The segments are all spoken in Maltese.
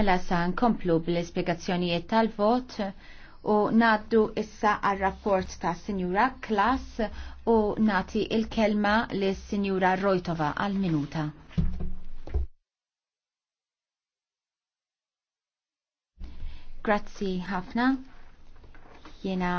Mela sa nkomplu bl esplikazzjonijiet tal-vot u naddu issa għal rapport ta' Sinjura Klas u nati il-kelma li Sinjura Rojtova għal minuta. Grazzi ħafna. Jena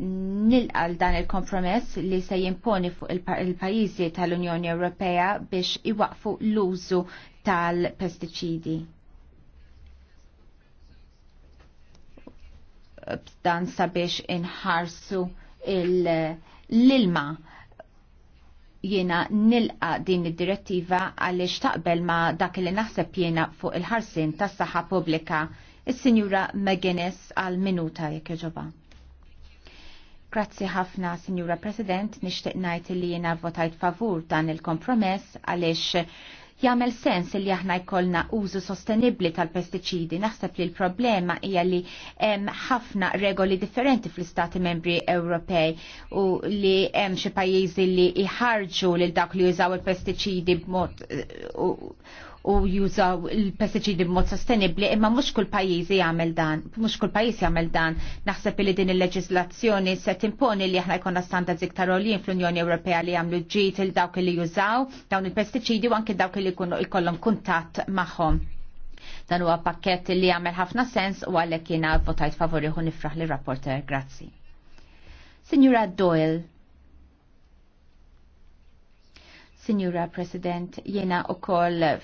nilqal dan il-kompromess li se jimponi fuq il-pajizi il pajizi tal unjoni Ewropea biex iwaqfu l-użu tal-pestiċidi. dan sabiex inħarsu l-ilma jiena nilqa din id-direttiva għaliex taqbel ma dak li naħseb jiena fuq il-ħarsin tas saħħa pubblika is-Sinjura McGuinness għal minuta jekk ġoba. Grazzi ħafna, Sinjura President, nixtieq ngħid li jiena votajt favur dan il-kompromess għaliex jagħmel sens li aħna jkollna użu sostenibbli tal-pestiċidi. Naħseb li l-problema hija li hemm ħafna regoli differenti fl-Istati Membri Ewropej u li hemm xi pajjiżi li jħarġu lil dak li jużaw il-pestiċidi b'mod eh, u jużaw il-pestiċidi b'mod sostenibli, imma mhux kull pajizi jagħmel dan, mhux kull pajizi jagħmel dan. Naħseb li din il leġislazzjoni se timponi li aħna jkollna standards iktar għolin fl-Unjoni Ewropea li għamlu ġit il dawk li jużaw dawn il-pestiċidi u anke dawk li jkunu jkollhom kuntatt magħhom. Dan huwa pakkett li jagħmel ħafna sens u għalhekk jiena votajt favori u nifraħ li rapporter Grazzi. Signora Doyle, Signora President, jena u koll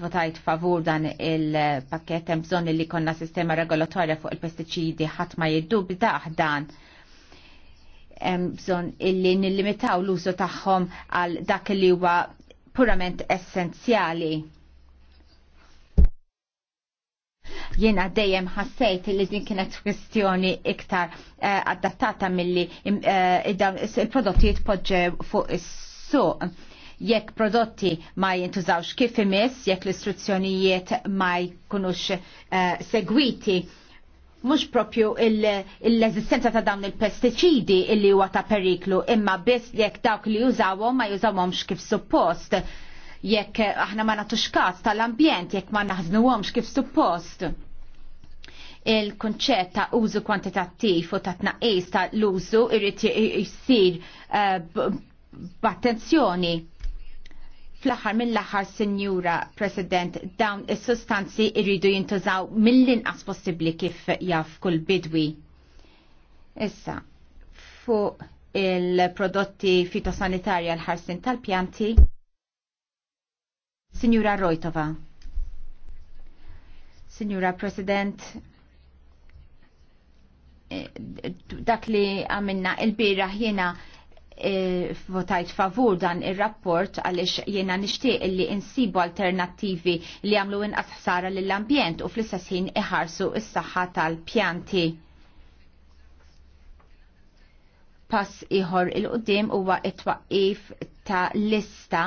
votajt favur dan il-pakket hemm bżonn li konna sistema regolatorja fuq il-pestiċidi ħadd ma jiddubdaħ dan hemm bżonn illi nillimitaw l-użu tagħhom għal dak li huwa purament essenzjali. Jiena dejjem ħassejt li din kienet kwestjoni iktar eh, adattata milli eh, eh, il-prodotti jitpoġġew fuq is-suq jekk prodotti ma jintużawx kif imiss, jekk l-istruzzjonijiet ma jkunux uh, segwiti, mux propju l-eżistenza ta' dawn il-pesticidi illi huwa ta' periklu, imma biss jekk dawk li jużawhom ma jużawhomx kif suppost, jekk aħna ma nagħtux każ tal-ambjent, jekk ma naħżnuhomx kif suppost il-konċett ta' użu kwantitattiv u ta' tnaqqis ta' l-użu irrid jsir eh, b'attenzjoni Fl-aħħar mill-aħħar, Sinjura President, dawn is-sustanzi irridu jintużaw mill-inqas possibbli kif jaf kull bidwi. Issa, fuq il-prodotti fitosanitarja l-ħarsin tal-pjanti. Sinjura Rojtova. Sinjura President, eh, dak li għamilna il-bira jiena Eh, votajt favur dan il-rapport għalix jena nishtiq li insibu alternativi li għamlu inqas ħsara l-ambjent u fl-istess ħin iħarsu s-saħħa tal-pjanti. Pass iħor il-qoddim huwa it-twaqif ta' lista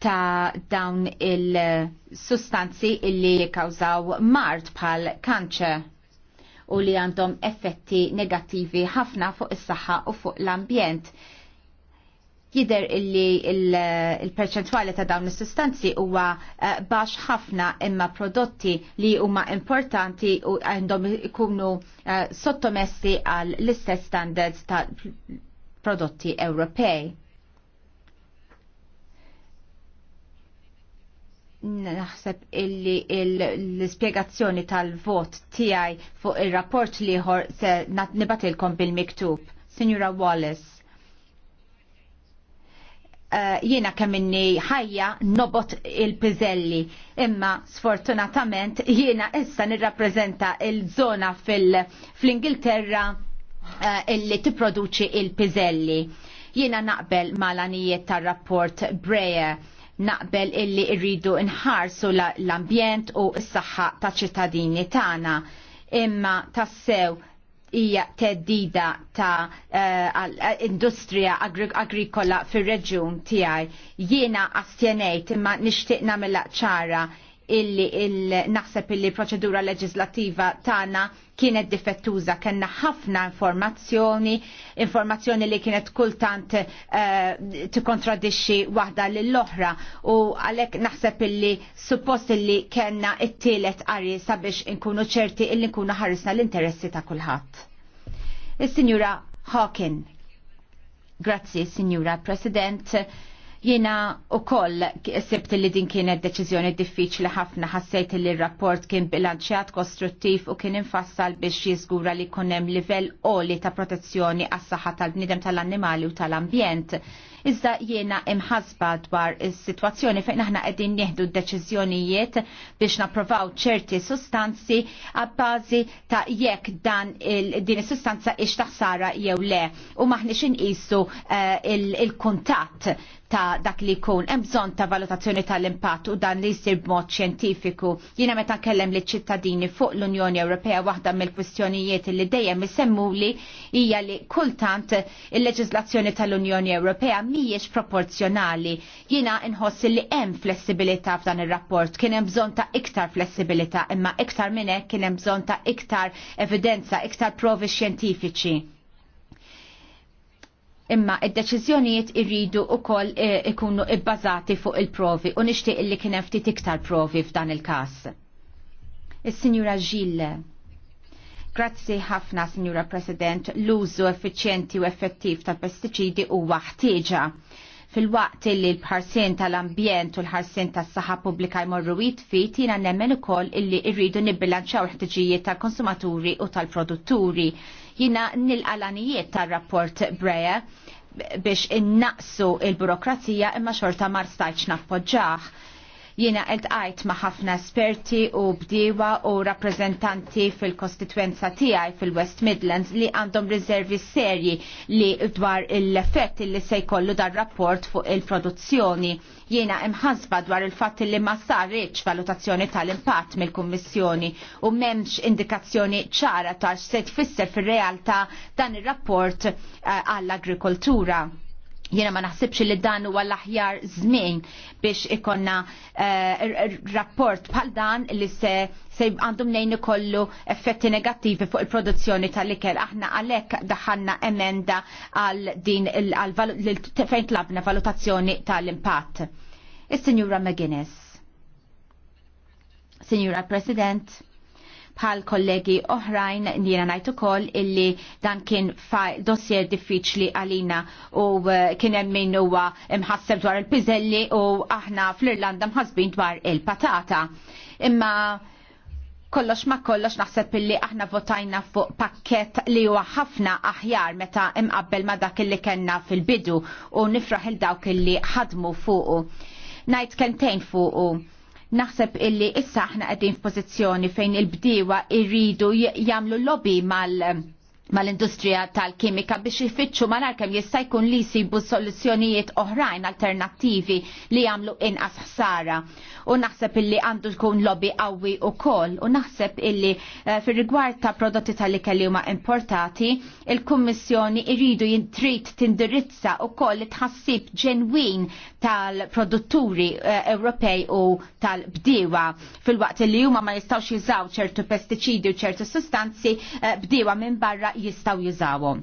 ta' dawn il-sustanzi illi kawżaw mart bħal kanċer u li għandhom effetti negattivi ħafna fuq is-saħħa u fuq l-ambjent jider illi il-perċentwali ta' dawn is-sustanzi huwa eh, baxx ħafna imma prodotti li huma importanti u għandhom ikunu eh, sottomessi għal l-istess standards ta' prodotti Ewropej. naħseb illi l-spiegazzjoni tal-vot tiegħi fuq ir rapport liħor se nibatilkom bil-miktub. Signora Wallace. Eh, jiena kemm inni ħajja nobot il-piżelli. Imma sfortunatament jiena issa nirrappreżenta il-żona fil-Ingilterra eh, illi tipproduċi il-piżelli. Jiena naqbel mal-anijiet tar-rapport Breyer naqbel illi irridu nħarsu l-ambjent u s-saħħa ta' ċittadini tagħna imma tassew hija teddida ta' uh, industrija agrikola fir-reġjun tiegħi. Jiena astjenejt imma nixtieq nagħmilha ċara illi il naħseb illi proċedura leġislativa tagħna kienet difettuża, kellna ħafna informazzjoni, informazzjoni li kienet kultant t eh, tikontradixxi waħda lill-oħra u għalhekk naħseb illi suppost illi kellna it-tielet għarri sabiex inkunu ċerti illi nkunu ħarrisna l-interessi ta' kulħadd. Is-Sinjura Hawkin. Grazzi, Sinjura President jina u koll sebt li din kienet deċizjoni diffiċli ħafna ħassejt li r-rapport kien bilanċjat kostruttiv u kien infassal biex jiżgura li kunem livell oli ta' protezzjoni għas saħħa tal-bnidem tal-annimali u tal-ambjent iżda jiena imħasba dwar is-sitwazzjoni fejn aħna qegħdin nieħdu d-deċiżjonijiet biex napprovaw ċerti sustanzi għabbażi ta' jekk dan din is-sustanza ix taħsara jew le u maħniex inqisu eh, il-kuntatt ta' dak li jkun hemm bżonn ta' valutazzjoni tal-impatt u dan li jsir b'mod xjentifiku. Jiena meta nkellem li ċittadini fuq l-Unjoni Ewropea waħda mill-kwistjonijiet li dejjem isemmuli hija li kultant il-leġiżlazzjoni tal-Unjoni Ewropea mijiex proporzjonali. Jiena nħoss li hemm flessibilità f'dan ir-rapport, kien hemm bżonn ta' iktar flessibilità, imma iktar minn hekk kien hemm bżonn ta' iktar evidenza, iktar provi xjentifiċi. Imma id-deċiżjonijiet irridu wkoll eh, ikunu ibbażati fuq il-provi u nixtieq li kien hemm ftit iktar provi f'dan il-każ. Is-Sinjura Gille. Grazzi ħafna, Signora President, l-użu effiċjenti u effettiv tal-pestiċidi huwa ħtieġa fil-waqt li l-ħarsien tal-ambjent u l-ħarsien tas-saħħa pubblika jmorru jitfit jiena nemmen ukoll illi rridu nibbilanċaw ħtiġijiet tal-konsumaturi u tal-produtturi. Jiena nilqalanijiet tar-rapport Breja biex innaqsu il-burokrazija imma xorta mar stajċ nappoġġaħ Jiena għajt ma' ħafna esperti u bdiewa u rappresentanti fil-kostituenza tiegħi fil-West Midlands li għandhom riservi serji li dwar l-effett li se jkollu dar rapport fuq il-produzzjoni. Jiena imħasba dwar il-fatt li ma sarriċ valutazzjoni tal-impatt mill-Kummissjoni u memx indikazzjoni ċara tax se tfisser fir-realtà dan ir-rapport eh, għall-agrikoltura. Jiena ma naħsibx li dan huwa l-aħjar żmien biex ikonna eh, rapport bħal dan li se għandhom nejn ikollu effetti negattivi fuq il-produzzjoni tal-ikel. Aħna għalhekk daħanna emenda għal din fejn tlabna valutazzjoni tal-impatt. Is-Sinjura McGuinness. Sinjura President bħal kollegi oħrajn nira najtu kol illi dan kien dossier diffiċli għalina u uh, kien emmin huwa imħasseb dwar il-pizelli u aħna fl-Irlanda mħasbin dwar il-patata. Imma kollox ma kollox naħseb illi aħna votajna fuq pakket li huwa ħafna aħjar meta imqabbel ma dak illi kellna fil-bidu u nifraħ il dawk illi ħadmu fuqu. Najt kentejn fuqu Naħseb illi issa aħna qegħdin f'pożizzjoni fejn il-bdiewa irridu jagħmlu lobby mal- mal-industrija tal-kimika biex jifittxu malar kemm jista' jkun li jsibu soluzzjonijiet oħrajn alternattivi li jagħmlu inqas ħsara. U naħseb illi għandu tkun lobby qawwi ukoll u naħseb illi uh, fir-rigward ta' prodotti tal-ikel huma importati, il-Kummissjoni jridu jintrit tindirizza li tħassib ġenwin tal-produtturi uh, Ewropej u tal-bdiewa fil-waqt li huma ma jistgħux jużaw ċertu pestiċidi u ċertu sustanzi uh, bdiewa minn barra jistaw jużawhom.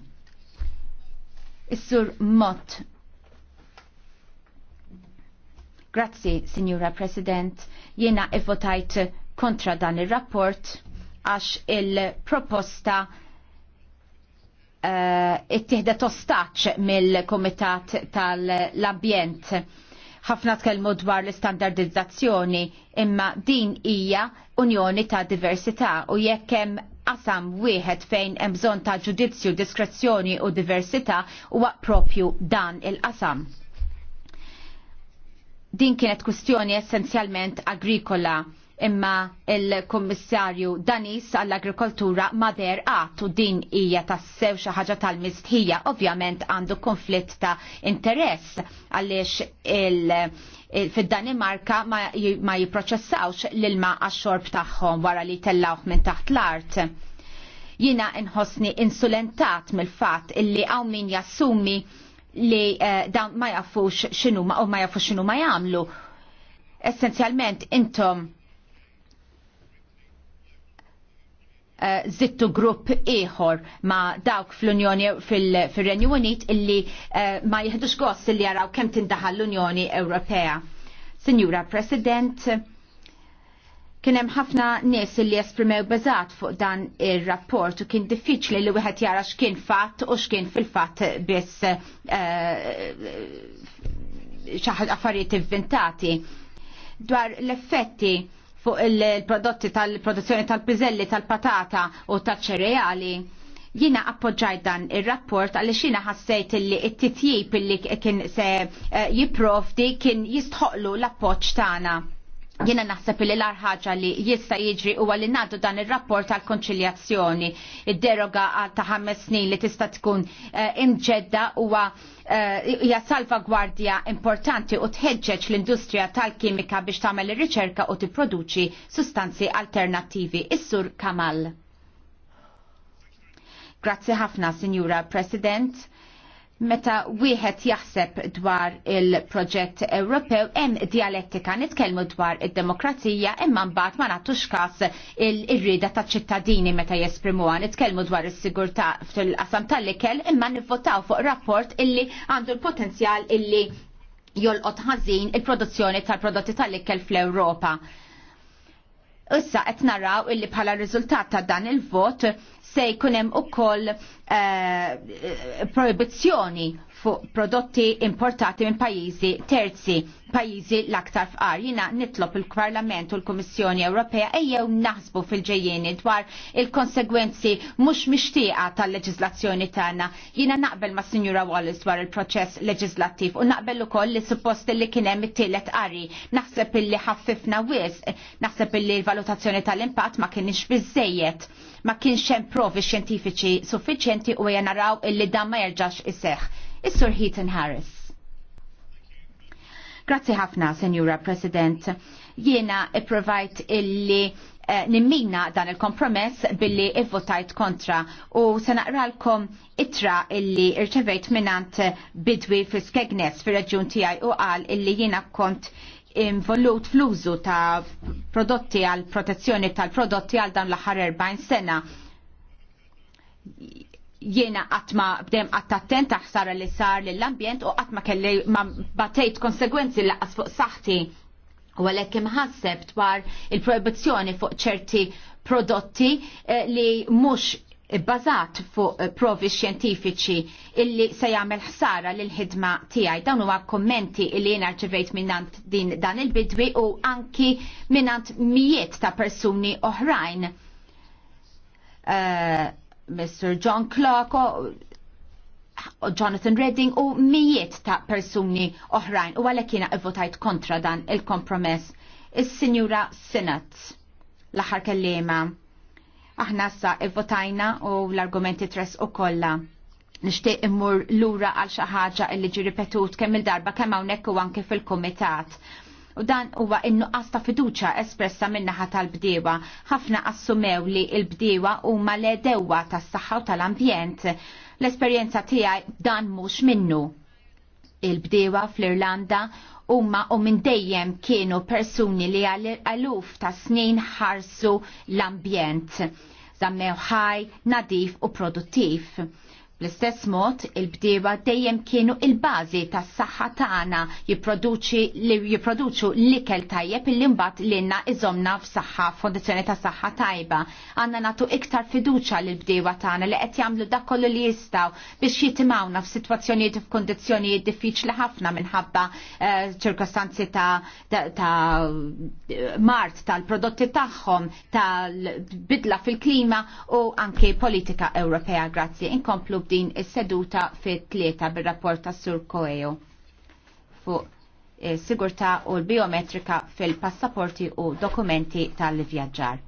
Is-sur Mott. Grazzi, Signora President. Jiena ivvotajt kontra dan ir-rapport għax il-proposta uh, eh, it-tihdet ostaċ mill-Komitat tal-Ambjent. ħafna tkellmu dwar l-istandardizzazzjoni, imma din hija unjoni ta' diversità u jekk hemm qasam wieħed fejn hemm bżonn ta' ġudizzju, diskrezzjoni u diversità huwa propju dan il-qasam. Din kienet kwistjoni essenzjalment agrikola imma il-Kommissarju Danis għall-Agrikoltura mader għat u din hija tassew xi ħaġa tal-mistħija ovvjament għandu konflitt ta' interess għaliex il- fil-Danimarka ma jiproċessawx l-ilma għax-xorb tagħhom wara li tellawh minn taħt l-art. Jina inħossni insulentat mill-fatt illi għaw min jassumi li eh, dan ma jafux xinu ma u ma jafux xinu ma jamlu. Essenzjalment intom Eh, zittu grupp ieħor ma dawk fl-Unjoni fil-Renju Unit illi eh, ma jihdux gost illi jaraw kemm tindaħal l-Unjoni Ewropea. Sinjura President, kien hemm ħafna nies li esprimew bazat fuq dan ir-rapport u kien diffiċli li wieħed jara x'kien fatt u x'kien fil-fatt biss eh, xi affarijiet inventati dwar l-effetti fuq il-prodotti tal-produzzjoni tal-piżelli, tal-patata u tal-ċereali. Jina appoġġaj dan il-rapport għalli xina ħassejt li it-titjib li kien se eh, jiprovdi kien jistħoqlu l-appoġġ tagħna Jiena naħseb li l-arħaġa li jista jiġri huwa li nagħtu dan ir rapport tal konċiljazzjoni id-deroga għal ta' ħames snin li tista' tkun eh, imġedda huwa eh, hija salvagwardja importanti u tħeġġeġ l-industrija tal-kimika biex tagħmel ir-riċerka u tipproduċi sustanzi alternattivi. Is-sur Kamal. Grazzi ħafna, Sinjura President meta wieħed jaħseb dwar il-proġett Ewropew hemm dialettika nitkellmu dwar id-demokrazija imma mbagħad ma nagħtux każ ir rieda taċ-ċittadini meta jesprimuha nitkellmu dwar is-sigurtà fil-qasam tal-ikel imma nivvotaw fuq rapport illi għandu l-potenzjal illi jolqot ħażin il-produzzjoni tal-prodotti tal-ikel fl-Ewropa. Issa qed naraw illi bħala riżultat ta' dan il-vot se jkunem u koll eh, proibizjoni fuq prodotti importati minn pajizi terzi, pajizi l-aktar fqar. Jina nitlob il-Parlament u l-Komissjoni Ewropea ejjew naħsbu fil-ġejjeni dwar il-konsegwenzi mhux mixtieqa tal-leġislazzjoni tagħna. Jina naqbel ma' Sinjura Wallace dwar il-proċess leġislattiv u naqbel ukoll li suppost li kien hemm it-tielet qari. Naħseb illi ħaffifna wis, naħseb illi l-valutazzjoni tal-impatt ma kienx biżejjed ma kienx hemm provi xjentifiċi suffiċjenti u hija naraw illi dan ma jerġax iseħħ. Is-Sur Heaton Harris. Grazzi ħafna, Senjura President. Jiena ipprovajt illi eh, nimmina dan il-kompromess billi ivvotajt kontra u se naqralkom itra illi irċevejt minant bidwi fi Skegnes fil reġjun tiegħi u qal illi jiena kont involut fl-użu ta' prodotti għal protezzjoni tal-prodotti għal dan l-aħħar 40 sena. Jiena għatma bdem għattattent taħsara li sar l-ambjent u għatma kelli ma batejt konsegwenzi laqas fuq saħti u għalek imħasseb dwar il-proibizjoni fuq ċerti prodotti eh, li mux bbażat fuq eh, provi xjentifiċi illi se jagħmel ħsara lil ħidma tiegħi. Dawn huwa kommenti illi jiena rċevejt minnant din dan il-bidwi u anki minnant mijiet ta' persuni oħrajn. Uh, eh, Mr. John Clark, Jonathan Redding u mijiet ta' persuni oħrajn u għalhekk jiena votajt kontra dan il-kompromess. Is-Sinjura Sinat, l-aħħar kellima Aħna sa votajna u l-argumenti tres u kolla. Nishtiq immur lura għal xi ħaġa ġi ripetut kemm il-darba kemm hawnhekk u anke fil-kumitat. U dan huwa innu ta' fiduċa espressa min-naħa tal bdewa Ħafna assumew li l bdewa huma le dewwa tas-saħħa u tal-ambjent. L-esperjenza tiegħi dan mhux minnu. il bdewa fl-Irlanda huma u minn dejjem kienu persuni li għaluf ta' snin ħarsu l-ambjent. Zammew ħaj, nadif u produttiv L-istess mod, il-bdiewa dejjem kienu il-bażi tas-saħħa tagħna jipproduċu l-ikel tajjeb illi mbagħad lilna iżomna f'saħħa f'kondizzjoni ta' saħħa tajba. Għandna nagħtu iktar fiduċja lil bdiewa tagħna li qed jagħmlu dak kollu li jistgħu biex jitimawna f'sitwazzjonijiet f'kondizzjonijiet diffiċli ħafna minħabba eh, ċirkostanzi ta' mart tal-prodotti tagħhom, tal-bidla fil-klima u anke politika Ewropea. Grazzi. Inkomplu din is-seduta fit tlieta bir-rapport ta' Sur Coeo fuq eh, sigurtà u l-biometrika fil-passaporti u dokumenti tal-vjaġġar.